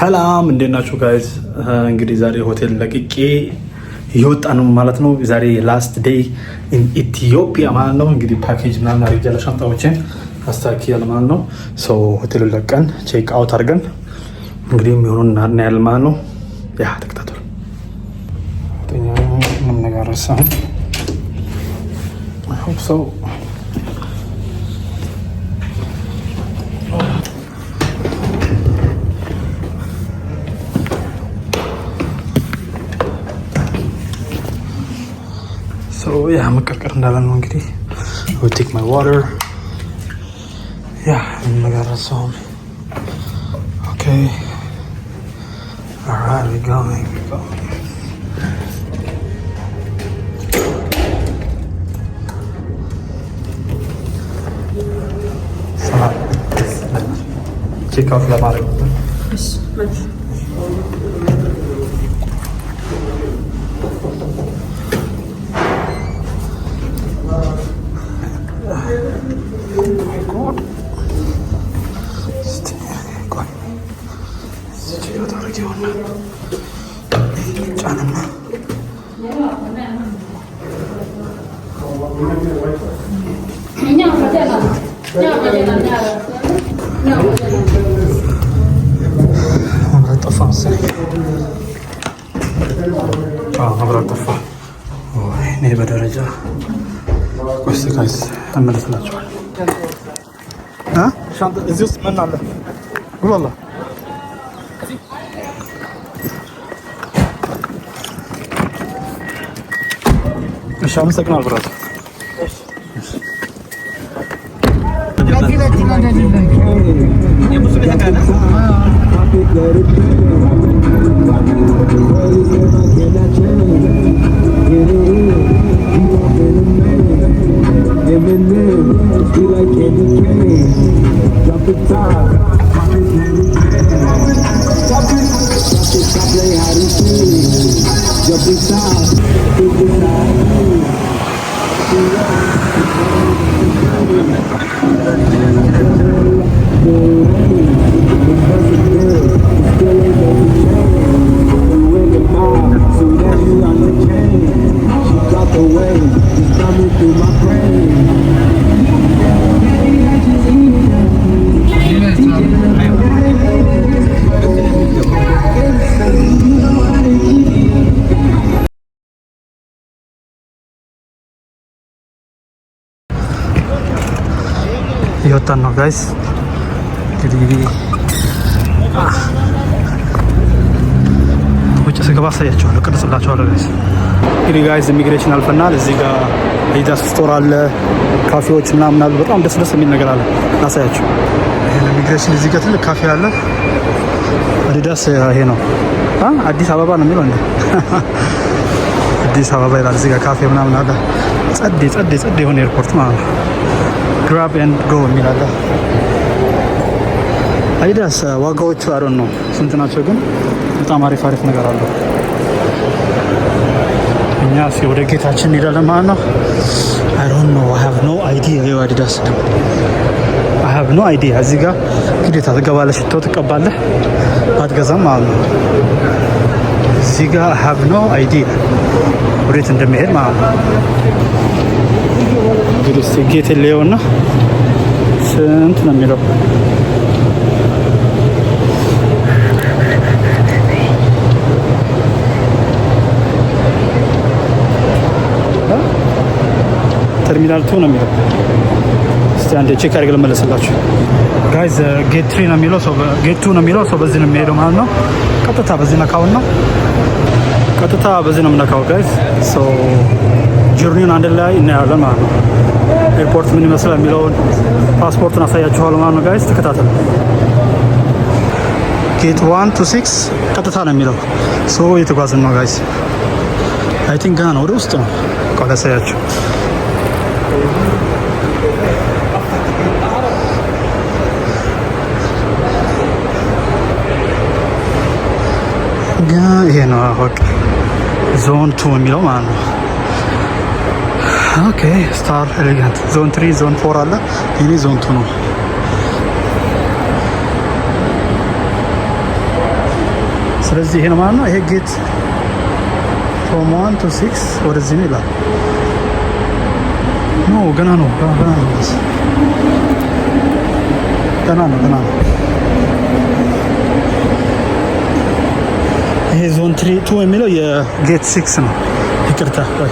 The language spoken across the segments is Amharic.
ሰላም እንዴት ናችሁ ጋይዝ? እንግዲህ ዛሬ ሆቴል ለቅቄ ነው ማለት ነው። ዛሬ ላስት ዴይ ኢን ኢትዮጵያ ማለት ነው። እንግዲህ ፓኬጅ ምናምን አድርጊያለሁ፣ ሻንጣዎችን አስተካክያለሁ ማለት ነው። ሰው ሆቴሉ ለቀን ቼክ አውት አድርገን እንግዲህ የሚሆኑን እናያለን ማለት ነው። ያ ተከታተሉ። ምንም ነገር ረሳሁኝ ሰው ያ መቀርቀር እንዳለ ነው እንግዲህ ቴክ ማይ ዋተር ያ መጋረሰውም ኦኬ Alright, we're going, we're going. ቼክ አውት ለማድረግ Cihat'ı gördüm. Canım. Abra tafa mısın? Aa, abra tafa. Oy, ne bedaraca. Questi guys, hemen sana çağır. Ha? Şu anda izliyorsun ben Nişanlı sakın al biraz. Jump inside. Thank you. እየወጣን ነው ጋይስ። እንግዲህ ውጭ ስገባ አሳያቸዋለሁ፣ ቅርጽላቸዋለሁ ጋይስ። እንግዲህ ጋይስ ኢሚግሬሽን አልፈናል። እዚህ ጋር ዲዳስ ስቶር አለ፣ ካፌዎች ምናምን አሉ። በጣም ደስ ደስ የሚል ነገር አለ፣ ላሳያቸው። ይሄን ኢሚግሬሽን እዚህ ጋር ትልቅ ካፌ አለ። አዲዳስ ይሄ ነው አዲስ አበባ ነው የሚለው እንዴ? አዲስ አበባ ይላል። እዚህ ጋር ካፌ ምናምን አለ። ጸዴ ጸዴ ጸዴ የሆነ ኤርፖርት ማለት ነው። ግራብ ኤንድ ጎ የሚላለ አዲዳስ ዋጋዎቹ አይደል ነው ስንት ናቸው? ግን በጣም አሪፍ አሪፍ ነገር አለው። እኛ እስኪ ወደ ጌታችን እንሄዳለን ማለት ነው። አይ ዶንት ኖ አይ ሃቭ ኖ አይዲያ። ይኸው አዲዳስ ነው። አይ ሃቭ ኖ አይዲያ። እዚህ ጋር ግዴታ ትገባለህ፣ ሽቶ ትቀባለህ፣ አትገዛም ማለት ነው። እዚህ ጋር አይ ሃቭ ኖ አይዲያ ወዴት እንደሚሄድ ማለት ነው። እንግዲህ እስኪ ጌት ሌውና ስንት ነው የሚለው ተርሚናል ቱ ነው የሚለው። እስቲ አንዴ ቼክ አድርገን ልመለስላችሁ ጋይዝ። ጌት ትሪ ነው የሚለው ሰው ጌት ቱ ነው የሚለው ሰው በዚህ ነው የሚሄደው ማለት ነው። ቀጥታ በዚህ ነካውና ቀጥታ በዚህ ነው የምነካው ጋይዝ ሶ ጆርኒውን አንድ ላይ እናያለን ማለት ነው። ኤርፖርት ምን ይመስላል የሚለውን ፓስፖርቱን አሳያችኋል ማለት ነው። ጋይስ ተከታተል። ጌት ዋን ቱ ሲክስ ቀጥታ ነው የሚለው ሶ የተጓዝን ነው ጋይስ። አይ ቲንክ ገና ነው ወደ ውስጥ ነው ቃል ያሳያችሁ ይሄ ነው ዞን ቱ የሚለው ማለት ነው። ኦኬ ስታር ኤሌጋንት ዞን ትሪ ዞን ፎር አለ። ይኔ ዞን ቱ ነው። ስለዚህ ይሄ ነው ማለት ነው። ይሄ ጌት ፍሮም ዋን ቱ ሲክስ ወደዚህ ነው ይላል። ኖ ገና ነው ገና ነው ገና ነው ገና ነው። ይሄ ዞን ትሪ ቱ የሚለው የጌት ሲክስ ነው። ይቅርታ ወይ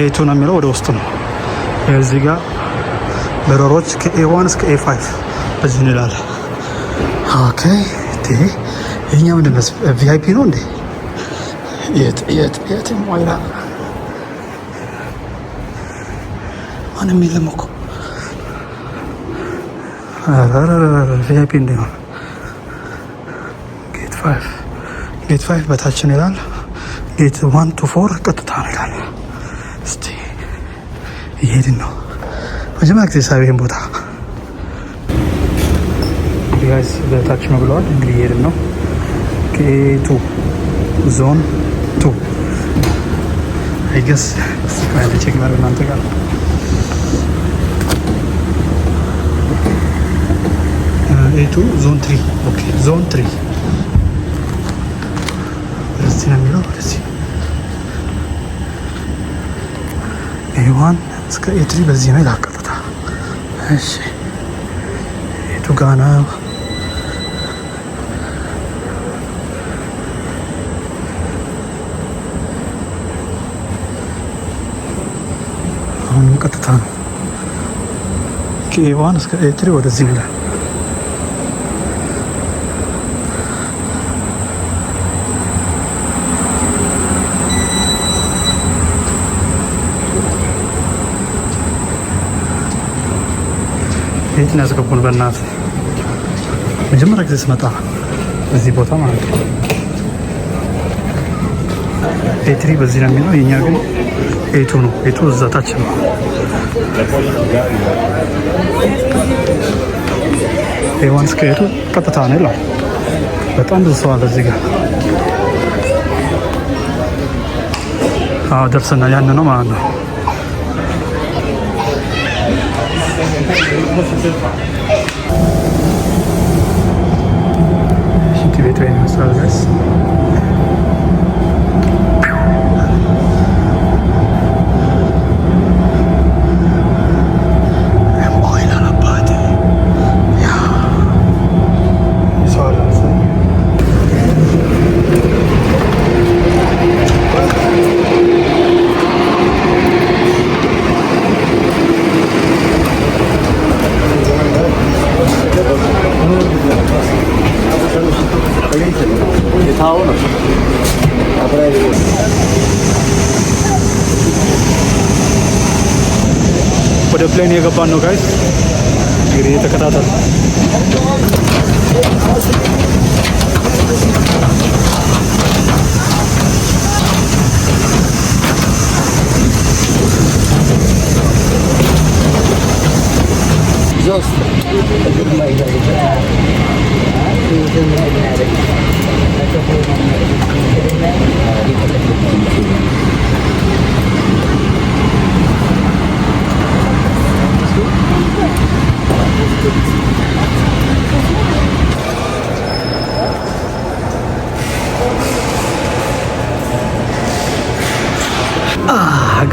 ኤቱ ነው የሚለው ወደ ውስጥ ነው። እዚህ ጋር በረሮች ከኤዋን እስከ ኤ ፋይቭ በዚህ እንላለ። ኦኬ ይህኛ ምንድን ነው? ቪአይፒ ነው እንዴ? የት የት የት ሞይራ ማንም የለም እኮ ቪአይፒ ጌት ፋይቭ ጌት ፋይቭ በታችን ይላል። ጌት ዋን ቱ ፎር ቀጥታ ነው ይላል። እየሄድን ነው። መጀመሪያ ጊዜ ይህን ቦታ ጋይስ በታች ነው ብለዋል። እንግዲህ እየሄድን ነው። ኬቱ ዞን ቱ አይገስ ያለ ቼክ ማድረግ እናንተ ጋር ኤቱ ዞን ትሪ ኦኬ ዞን ትሪ ወደዚህ ነው የሚለው ወደዚህ ኤዋን इसका ए थ्री बस जी में लाख करता था ऐसे ये तो गाना कत था के वन उसका ए थ्री और जी में ቤት ነው ያስገቡን? በእናት መጀመሪያ ጊዜ ስመጣ እዚህ ቦታ ማለት ነው ኤትሪ በዚህ ነው የሚለው። የኛ ግን ኤቱ ነው። ኤቱ እዛ ታች ነው። ኤዋን እስከ ኤቱ ቀጥታ ነው ይላል። በጣም ብዙ ሰው አለ እዚህ ጋር። አዎ ደርሰናል። ያን ነው ማለት ነው 看谁摸出真话。ወደ ፕሌን የገባን ነው ጋይስ። እንግዲህ እየተከታተል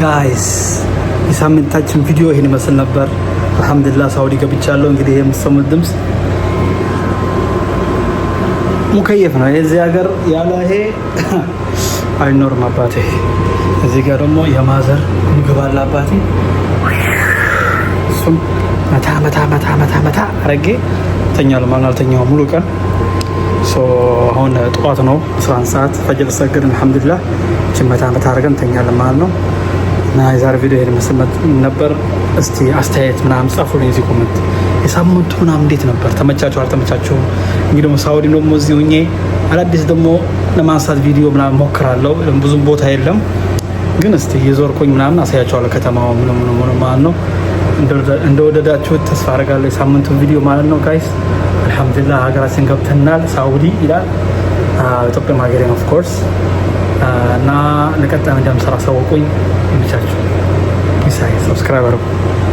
ጋይስ ah, የሳምንታችን ቪዲዮ ይህን ይመስል ነበር። አልሐምዱላ ሳውዲ ገብቻለሁ። እንግዲህ የምትሰሙት ድምፅ ሙከየፍ ነው። የዚህ ሀገር ያለ ይሄ አይኖርም አባቴ። እዚህ ጋር ደግሞ የማዘር ምግብ አለ አባቴ እሱም መታ መታ መታ መታ መታ አረጌ ተኛል። ማን አልተኛው ሙሉ ቀን። አሁን ጠዋት ነው 11 ሰዓት ፈጅር ሰግድን አልሐምዱሊላህ እችን መታ መታ አድርገን ተኛለን ማለት ነው። እና የዛሬ ቪዲዮ ይሄን መስል ነበር። እስቲ አስተያየት ምናምን ጻፉልኝ እዚህ ኮመንት። የሳምንቱ ምናምን እንዴት ነበር? ተመቻችሁ አልተመቻችሁም? እንግዲህ ደግሞ ሳውዲ ደግሞ እዚህ ሁኜ አዳዲስ ደግሞ ለማንሳት ቪዲዮ ምናምን ሞክራለሁ። ብዙም ቦታ የለም ግን እስቲ የዞርኩኝ ምናምን አሳያቸዋለሁ ከተማው ምንም ምንም ማለት ነው። እንደወደዳችሁ ተስፋ አደርጋለሁ። የሳምንቱን ቪዲዮ ማለት ነው ጋይስ። አልሐምዱላ ሀገራችን ገብተናል። ሳውዲ ይላል ኢትዮጵያ ሀገሬ ነው ኦፍኮርስ። እና ለቀጣይ እንደምሰራ ስራ ይመቻችሁ። ይሳይ ሰብስክራይብ